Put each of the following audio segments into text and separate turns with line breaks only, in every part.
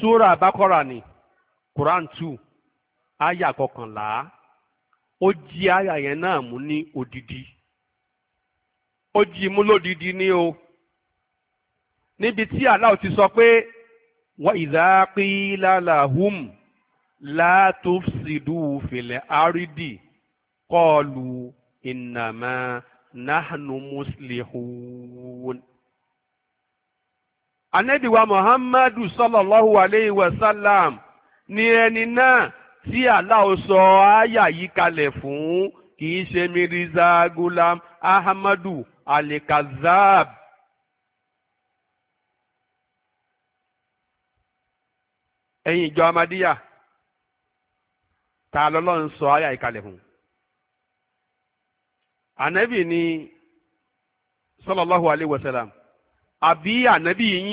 súra bákọ́ra ni quran two aya kọkànlá ó jí aya yẹn náà mú ní odidi ó jí mú lódidi ní o níbi tí Allah ti sọ pé wa idha qila lahum la tufsidu fil ardi qalu innama nahnu muslihun anẹ́dìwà muhammadu sallallahu alayhi wa sallam ni ẹni náà tí Allah sọ áyà yìí kalẹ̀ fún kì í ṣe mirza gulam ahmadu alikazab. ẹ̀yin ìjọ amadíyà ta lọ́lọ́run sọ áyà yìí kalẹ̀ fún. anẹ́bì ni sallallahu alayhi wa sallam. àbí ànábì yín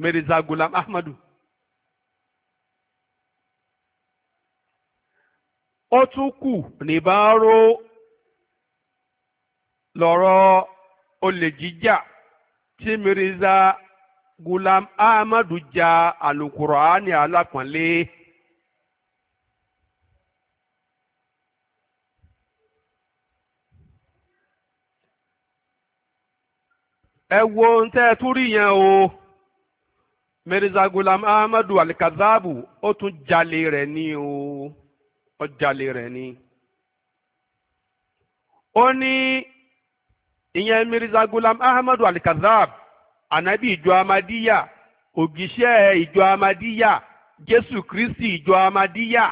Mirza Gulam Ahmadu. ó ni kù níbàárò lọ́rọ̀ olè jíjà tí Mirza Gulam Ahmadu ja ani ala alápọ̀nlé. ẹ wo ohun tẹ́ ẹ tún rí yẹn o Mirza Gulam Ahmadu alikazabu ó tún jalè rẹ̀ ni o ó jalè rẹ̀ ni. ó ní ìyẹn Mirza Gulam Ahmadu alikazab ànábì ìjọ Amadiya ògìṣẹ́ ìjọ Amadiya Jésù Kristi ìjọ Amadiya.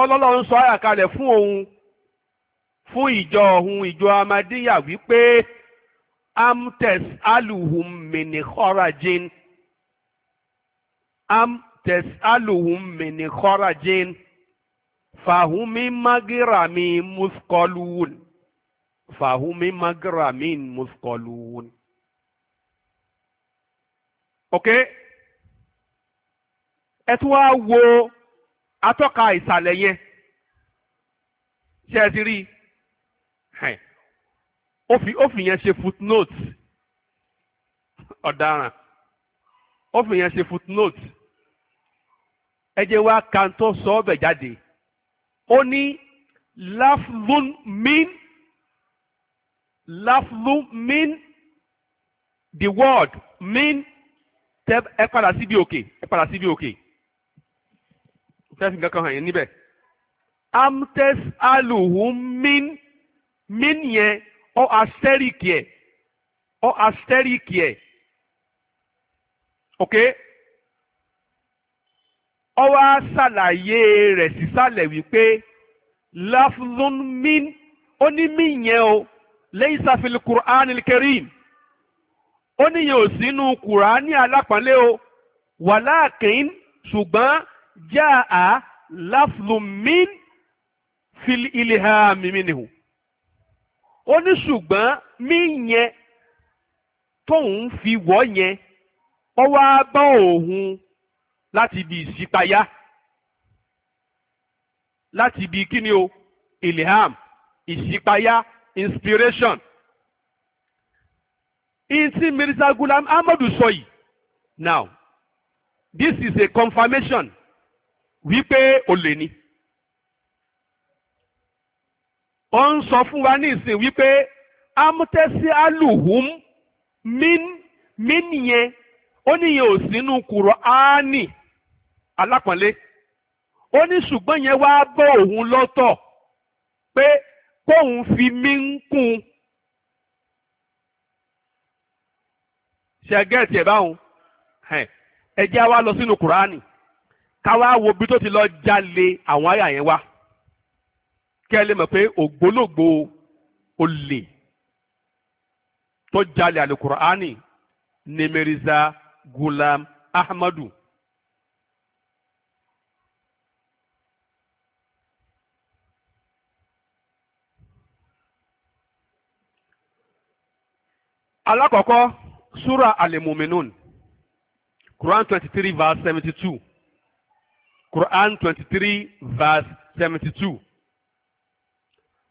ọlọ́lọ́ ń sọ àyàkálẹ̀ fún òun fún ìjọ ọ̀hún ìjọ amadíyà wípé amtes aluhum minikhorajin amtes aluhum minikhorajin fahumi magirami muskolun fahumi magiramin muskolun. ok ẹ tún wá wo atọ́ka ìsàlẹ̀ yẹn ṣe é ti rí i ó fi ó fi yẹn ṣe footnote ọ̀daràn ó fi yẹn ṣe footnote ẹ jẹ́ wá kan tó sọ ọ́ bẹ̀ jáde ó ní laflun min laflun min the word min tẹ ẹ padà síbi òkè ẹ padà síbi òkè tẹ́sí nǹkan kan hàn yín níbẹ̀ amtes aluhun min mean yẹn ọ asteric yẹ ọ asteric yẹ ok ọ wá ṣàlàyé rẹ̀ sísàlẹ̀ wípé lafzun min ó ní mean yẹn o laysa fil Qur'anil Karim ó níyẹn ò sínú kùránì alápọ̀nlé o wàláàkín ṣùgbọ́n já a láflùmín fil ilhami minhu ó ní ṣùgbọ́n mí yẹn tóun fi wọ́ yẹn wọ́n wá bá òun láti ibi ìṣípayá láti ibi kíni o ilham ìṣípayá inspiration. Inti Mirza Gulam Ahmadu sọ yìí. Now, this is a confirmation wípé olè ni. ó ń sọ fún wa ní ìsìn wípé amútẹ́sí alùhùm mín ó níyẹn ò sínú Kùránì alápọ̀nlé ó ní ṣùgbọ́n yẹn wá bọ́ òun lọ́tọ̀ pé kóun fi mí ń kún un ṣẹgẹ́ẹ̀tì ẹ̀ báwọn wa lọ sínú Kùránì wo ti lọ jalè àwọn àyà yẹn wá. kí ẹ lè mọ̀ pé ògbólógbò olè tó jalè alukur'ani ni Mirza Gulam Ahmadu. alakọkọ sura alimuminun quran twenty three verse seventy two quran twenty three verse seventy two.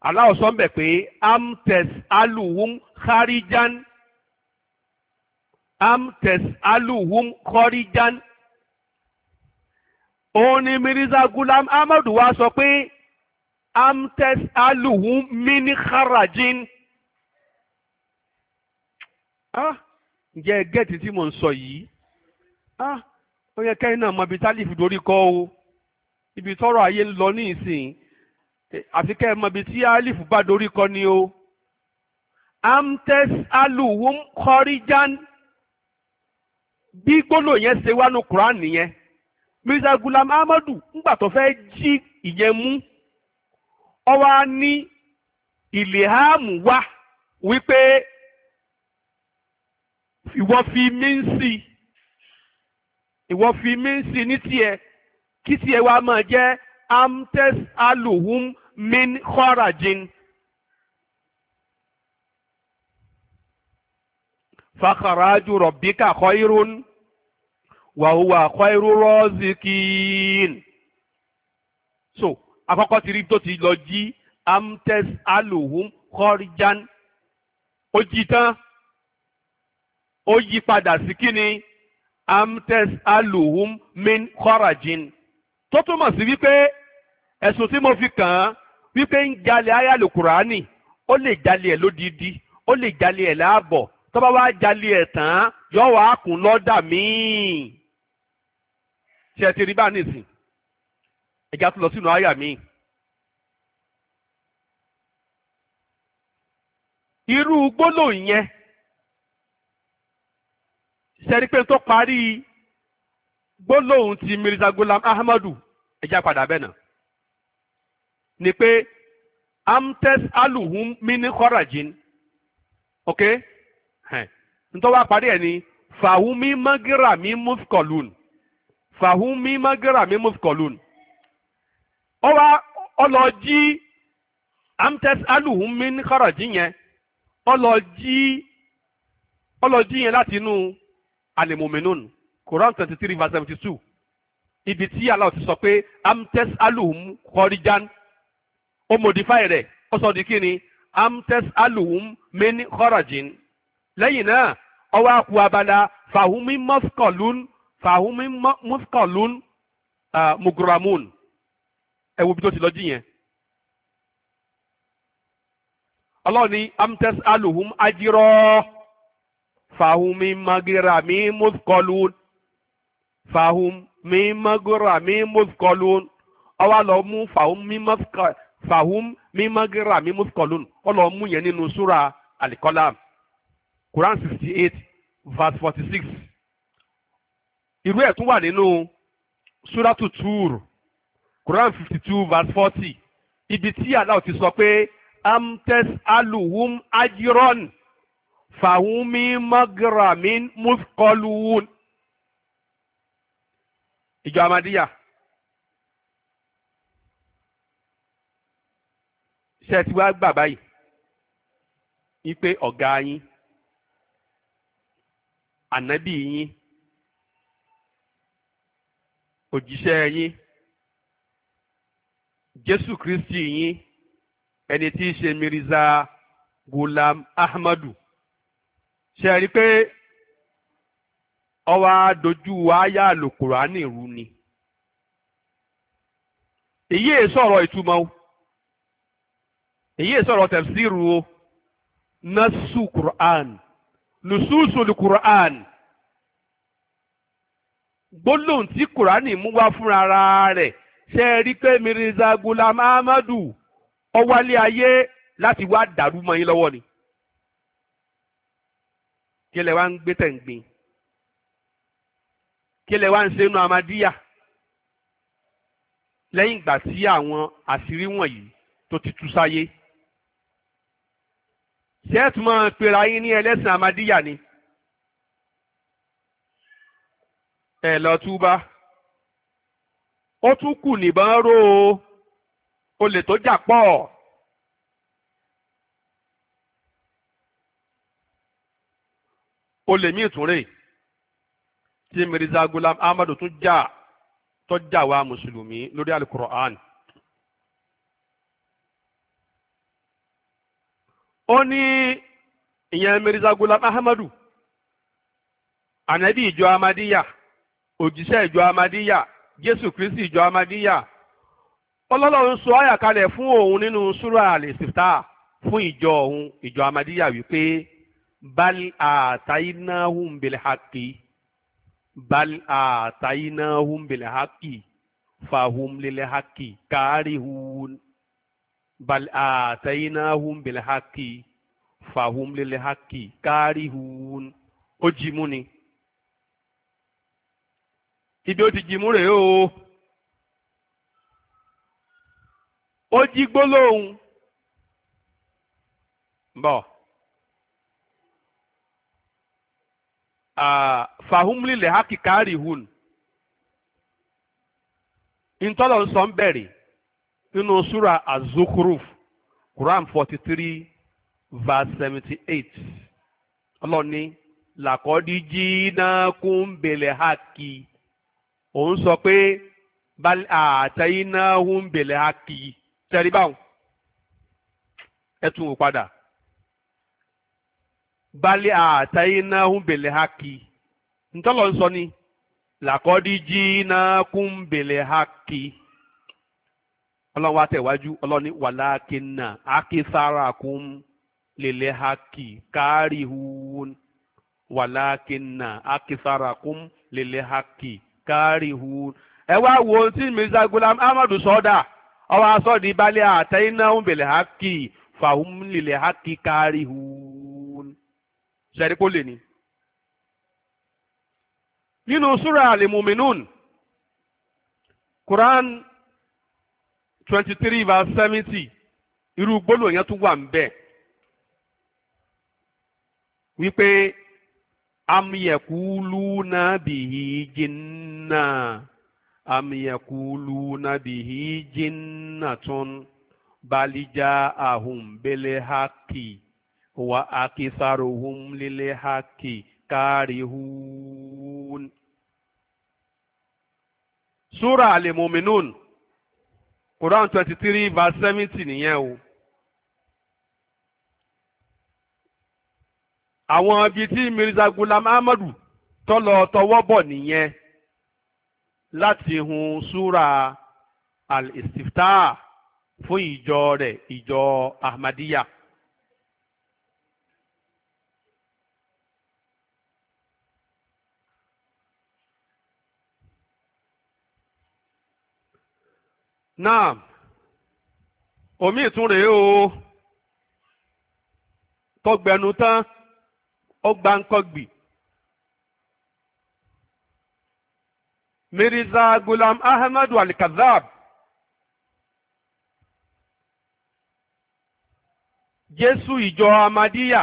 Allah sọ ń bẹ̀ pé amtes aluhum kharijan amtes aluhum kharijan òun ni Mirza Gulam Amadu wa sọ pé amtes aluhum mini kharajin ah ǹjẹ́ gẹ́ẹ̀tì tí mò ń sọ yìí ah ó yẹ kẹ́rin náà mọ ibi tálífù dorí kọ́ o ibi tọ́rọ̀ ayé ń lọ ní ìsìn àfi kẹ́ ẹ mọ ibi tí alif bá dorí kọ ni o amtes aluhum kọrijan bí gbólóò yẹn ṣe wá ní Quran nìyẹn Mirza Gulam Ahmadu ńgbà tó fẹ́ jí ìyẹn mú ọ wá ní ìlèhámù wá wípé ìwọ fi mí ń sí ìwọ fi mí ń sí ní tiẹ̀ kí tiẹ̀ wá máa jẹ́ amtes aluhum min kharajin fakharaju rabbika khairun wa huwa khairu razikin. so àkọ́kọ́ ti rí tó ti lọ jí amtes aluhum khorijan ó jí tán ó yí padà sí kíni amtes aluhum min khorajin tó túmọ̀ sí wípé ẹ̀sùn tí mo fi kàn wípé ń jalè ayálò kùránì ó lè jalè ẹ̀ lódìdí ó lè jalè ẹ̀ láàbọ̀ tó bá wá jalè ẹ̀ tán yọ wàá kùn lọ́dà míì ṣe ti rí bá nìsín ẹ̀já tó lọ sínú àyà míì. irú gbólóhùn yẹn ṣẹ́rí pé tó parí gbólóhùn ti Mirza Ghulam Ahmadu ẹ̀já padà bẹ́ẹ̀ náà ni pé amtes aluhum mini kọ́rajin ok nítorí wàá parí ẹ̀ ní fàhùmí magira mi mufkolun fàhùmí magira mi mufkolun ó wá ó jí amtes aluhum mini kọ́rajin yẹn ó lọ jí ó lọ jí yẹn láti inú alimominun Quran twenty three verse seventy two ibi tí Allah ti sọ pé amtes aluhum kọ́rijan ó modify rẹ̀ ó sọ di kí ni amtes aluhum min kharajin lẹ́yìn náà ọwọ́ àkú abala fahumi muskolun fahumi muskolun uh, mugramun ẹ wo bí tó ti lọ jiyàn. Allah ní amtes aluhum ajirọ́ fahumi magirami muskolun fahumi magirami muskolun ọwọ́ àlọ́ mú fahumi muskolun fàhùm mímágírà mímúskọ̀lùn ọlọ́mú yẹn nínú súra alikọ́lá Quran sixty eight verse forty six irú ẹ̀ tún wà nínú súra tutur Quran fifty two verse forty ibi tí Allah ti sọ pé amtes aluhum ajiron fàhùm mímágírà mímúskọ̀lùn ìjọ amadíyà. ṣe ti wá gbà báyìí wípé ọ̀gá yín ànábì yín òjíṣẹ́ yín Jésù Kristi yín ẹni tí í ṣe Mirza Gulam Ahmadu ṣe rí pé ọwọ́ adojú àyà àlòkùránì rú ni èyí è sọ̀rọ̀ ìtumọ̀ o èyí sọ̀rọ̀ tẹ̀síìrù o nasu quran nususul quran gbólóhùn tí quran mú wá fúnra rẹ̀ ṣe rí pé mirza gulam ahmadu ọwálé ayé láti wá dàrú mọ́ yín lọ́wọ́ ni kí lẹ wá ń gbé tẹ̀ ń gbin kí lẹ wá ń ṣe nu amadíyà lẹ́yìn ìgbà tí àwọn àṣírí wọ̀nyí tó ti tú sáyé ṣé ẹ tún máa pera yín ní ẹlẹ́sìn amadíyà ni ẹ lọ túbá ó tún kù nìbọn ró o olè tó jà pọ̀. olè míì tún rè tí Mirza Gulam Ahmadu tún jà tó jà wá mùsùlùmí lórí alukur'an ó ní ìyẹn Mirza Gulam Ahmadu ànábì ìjọ Amadíyà òjíṣẹ́ ìjọ Amadíyà Jésù Kristi ìjọ Amadíyà ọlọ́lọ́run sọ àyà kalẹ̀ fún òun nínú súrà àlèsìtà fún ìjọ òun ìjọ Amadíyà wípé bal àtàyínáhùn bilhaki bal àtàyínáhùn bilhaki fàhùn lilhaki kárìhùn bal àtẹ̀yìnáhùn bilhaki fàhùn lilhaki kárìhùn ó jimú ni ibi ó ti jimú rèé o ó jí gbólóhùn bọ́ fàhùn lilhaki kárìhùn ntọ́lọ̀ ń ń bẹ̀rẹ̀. nínú súra azukuruf quran forty verse seventy ọlọ́ni làkọ́dí jìnnà kún bèlè hákì òun sọ pé àtẹ̀yìn náà ń bèlè hákì tẹ̀rí báwọn ẹ tún wò padà bali àtàyínà ha hákì ntọ́lọ́ nsọ ni làkọ́dí jí náà ha hákì. ọlọ́run wá tẹ̀wájú ọlọ́run ní wàlákínà akísárakùn lèlẹ́ hakì kárìhùn wàlákínà akísárakùn lèlẹ́ hakì kárìhùn. ẹ wá wo ohun tí Mirza Ghulam Ahmadu sọdà ọwọ asọdì balẹ̀ àtẹ̀yìnà òǹbẹ̀lẹ̀ hakì fàhùn lèlẹ́ hakì kárìhùn. sẹ́rí kó lè ní. nínú súra alimuminun Quran twenty three verse seventy irú gbólóhùn yẹn tún wà ń bẹ̀ wípé amyẹkulu nabihi jinna amyẹkulu nabihi jinna tún balija ahun bele haki wa akisaruhum lile haki karihun. sura alimuminun Quran 23 verse seventy nìyẹn o. àwọn ibi tí Mirza Gulam Ahmadu tọ́lọ tọwọ́ bọ̀ nìyẹn láti hun súra al istifta fún ìjọ rẹ̀ ìjọ Ahmadiyya. naam: omi ìtún rèé o tọgbẹnu tán ó gba nǹkan gbì Mirza Gulam Ahmadu al Kazab. Jésù ìjọ Amadiya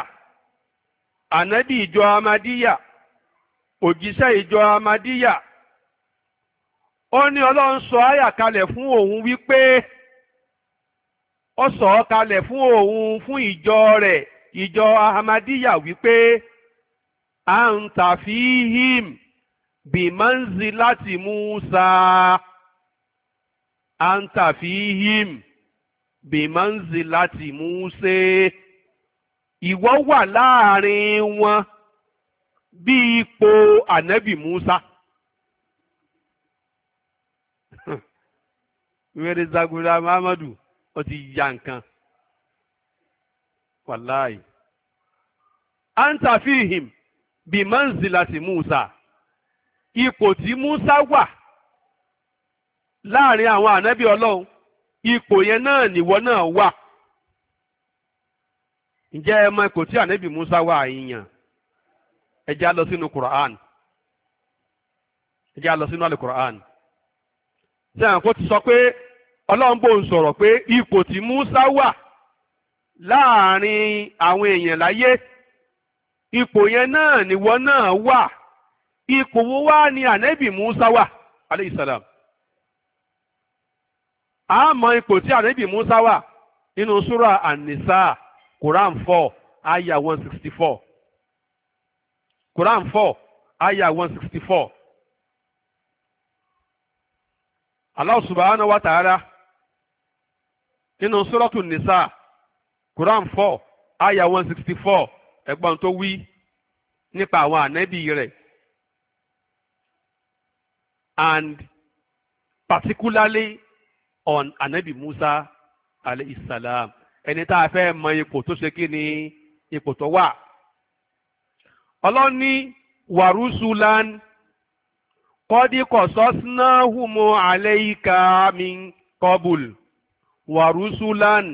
ànábì ìjọ Amadiya òjíṣẹ́ ìjọ Amadiya. ó ní ọlọ́run sọ àyà kalẹ̀ fún òun wípé ó sọ ọ́ kalẹ̀ fún òun fún ìjọ rẹ̀ ìjọ ahmadiyya wípé à ń tàfi him bìmánzi láti Musa à ń tàfi him bìmánzi láti Musa ìwọ wà láàrin wọn bí ipò ànábì Musa. nwere zagunra muhammadu ó ti ya nǹkan wàláì anta fihim bi manzilati musa ipò tí musa wà láàrin àwọn anabi ọlọ́run ipò yẹn náà nìwọ náà wà ǹjẹ́ ẹ mọ ipò tí musa wà yíyan ẹ já lọ sínú quran ẹ já lọ sínú alukur'an. ṣé àwọn kò ti sọ pé ọlọ́run bò ń sọ̀rọ̀ pé ipò tí Musa wà láàrin àwọn èèyàn láyé ipò yẹn náà nìwọ náà wà ipò wo wá ni ànẹ́bì Musa wà aleyhi salam àmọ́ ipò tí ànẹ́bì Musa wà nínú súra An-Nisa Quran four aya one sixty four Quran four aya one sixty four. Allah subhanahu wa ta'ala nínú Suratu Nisa Quran four aya one sixty four ẹ̀gbọ́n tó wí nípa àwọn ànábì rẹ̀ and particularly on ànábì Musa alayhi salam ẹni tá a fẹ́ mọ ipò tó ṣe kí ni ipò tó wà. Allah ní kọ́dí kọ̀sọ́sínáhùmọ́ àlẹ́yíká mi kọ́bùl wàrúsúlán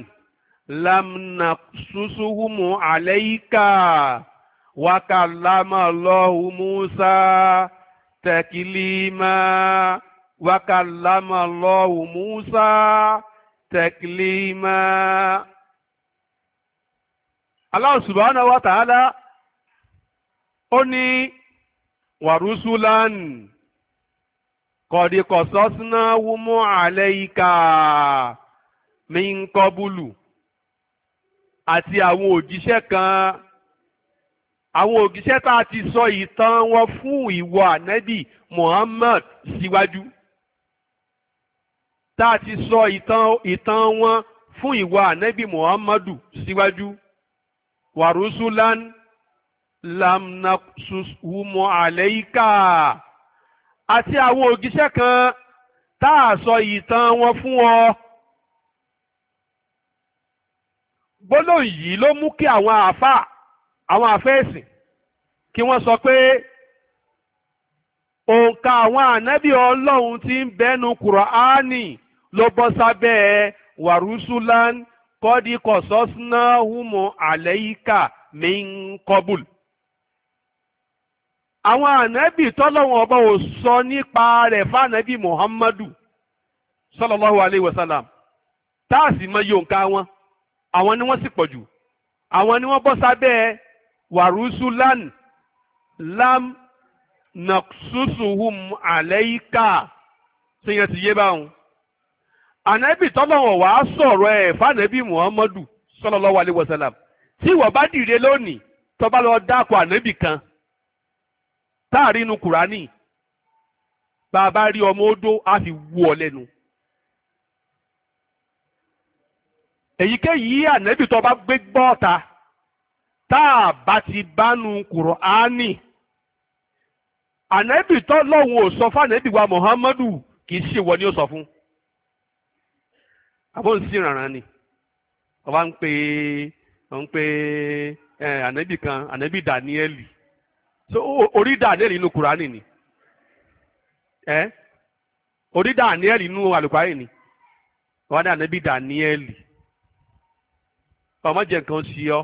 lamnasusuhumu àlẹ́yíká wàkàlámàlọ́hù Musa tẹ̀kìlímà wàkàlámàlọ́hù Musa tẹ̀kìlímà. Allah subhanahu wa ta'ala ó ní wàrúsúlán kọ̀dí kọ̀sọ́sínà wúmú àlẹ́ ìka mi ń kọ́búlù àti àwọn òjíṣẹ́ kan àwọn òjíṣẹ́ tá a ti sọ ìtàn wọn fún ìwọ ànábì Muhammad síwájú tá a ti sọ ìtàn ìtàn wọn fún ìwọ ànábì Muhammadu síwájú wàrúsúlán lamnasushumu àlẹ́ ìka. àti àwọn ogise kan tá a sọ ìtàn wọn fún ọ. gbólóhùn yìí ló mú kí àwọn àáfàá àwọn àfẹ́ẹ̀sìn kí wọ́n sọ pé òǹkà àwọn ànábì ọlọ́run tí ń bẹ́nu kùrọ̀áánì ló bọ́ sábẹ́ wàrúsùlán kọ́díkọ̀sọ́sínáhùmọ̀ àlẹ́yíkà àwọn ànábì tọ́lọ́wọ̀n ọba ò sọ nípa rẹ̀ fáànábì muhammadu sallallahu alayhi wa sallam táàsì mọ yonka wọn àwọn ni wọ́n sì pọ̀ jù àwọn ni wọ́n bọ́ sábẹ́ wàrúsùlán lam nàkṣùṣùhùm àlẹ́yíkà ṣèyàn ti yé báwọn. ànábì tọ́lọ́wọ̀n wàá sọ̀rọ̀ ẹ̀ fáànábì muhammadu sallallahu alayhi wa sallam tí ìwọ bá dìde lónìí tó lọ dákọ̀ ànábì kan Taa inú kùránì bá a bá rí ọmọ odó a fi wú ọ lẹ́nu. èyíkéyìí ànẹ́bí tó bá gbé gbọ́ ọ̀ta tá a bá ti bánu kùránì ànẹ́bí tó lọ́hùn sọ fún ànẹ́bí wa Muhammadu kì í ṣe ìwọ ni ó sọ fún. àbọ̀ ń sí ìrànràn ni ọba ń pè é ń pè é ànẹ́bí kan ànẹ́bí Danieli so orí daniel inú kurani ni ẹ orí daniel inú alùpàyè ni wọn ní ànábì daniel ọmọ jẹ nǹkan sí ọ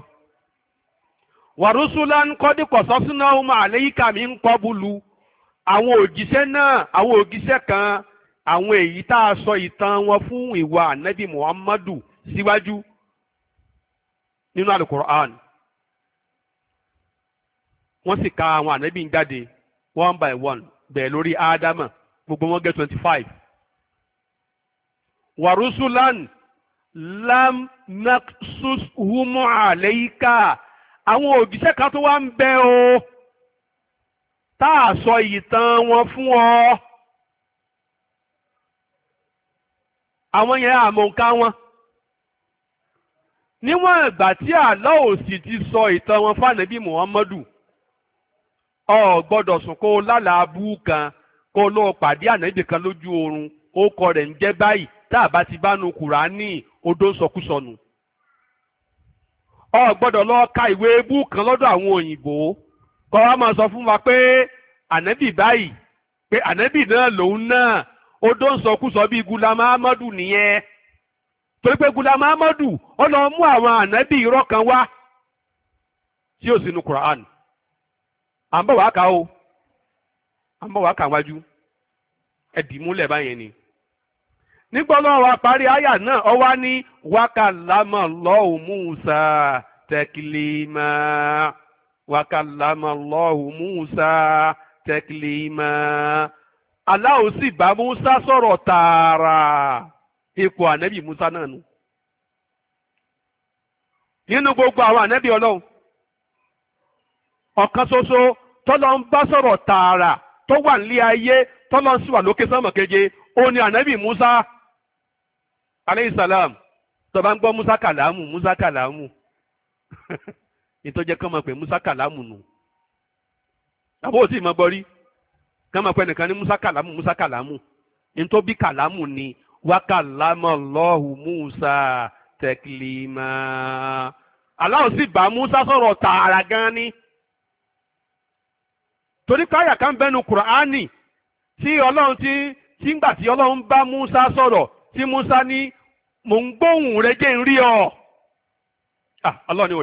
wàrúsùlá ń kọ́ dípọ̀ sọ́sínà ọmọ àléyíká mi ń kọ́ bulu àwọn òjíṣẹ́ náà àwọn òjíṣẹ́ kan àwọn èyí tá a sọ ìtàn wọn fún ìwà anabi muhammadu síwájú nínú alukur'an wọ́n sì ka àwọn ànábì ń jáde one by one bẹ̀ẹ̀ lórí ádámà gbogbo wọn gẹ́ twenty five. wàrúsùlán lam naqsus humu alayka àwọn òjíṣẹ́ kan tó wá ń bẹ o tá a sọ ìtàn wọn fún ọ. àwọn yẹn àmọ̀ǹká wọn. níwọ̀n ìgbà tí àlọ́ òsì ti sọ ìtàn wọn fún ànábì muhammadu ọ gbọdọ sùn kó o kan kó o lọ pàdé ànábì kan lójú oorun ó kọ rẹ̀ ń jẹ́ báyìí tá a bá ti bá nu kùránì odó sọkúsọnù. ọ gbọdọ lọ ka ìwé ebú kan lọdọ àwọn òyìnbó kọ́ wa máa sọ fún wa pé ànábì báyìí pé ànábì náà lòun náà odó sọkúsọ bí Gulam Ahmadu nìyẹn torí pé Gulam Ahmadu ọ lọ mú àwọn ànábì irọ́ kan wá tí ó sì kùránì. à ń bọ̀ wá o à ń bọ̀ wájú ni. àyà náà ọ wá ní wákàlámọ̀ lọ́hùn Musa wákàlámọ̀ lọ́hùn bá Musa sọ̀rọ̀ tààrà ipò ànábì Musa náà nù nínú gbogbo àwọn tọ́lọ ń bá sọ̀rọ̀ tààrà tó wà nílé ayé tọ́lọ sì wà lókè sánmọ̀ keje ó ní ànábì Musa aleyhi salam tó bá ń gbọ́ Musa kàlámù Musa kàlámù ìtọ́jẹ́ kán máa pè Musa kàlámù nù àbó tí ì máa gbọ́ rí kán máa pè nìkan ní Musa kàlámù Musa kàlámù nítorí kàlámù ni wákàlámà lọ́hù Musa tẹ̀kìlìmà aláwọ̀ sì bá Musa sọ̀rọ̀ tààrà gan ni torí páyà kan bẹnu kùránì tí ọlọ́run ti tí ń gbà tí ọlọ́run bá Musa sọ̀rọ̀ tí Musa ní mò ń gbóhùn rẹ jẹ́ ń rí ọ. Ah, ọlọ́run ni ò lè.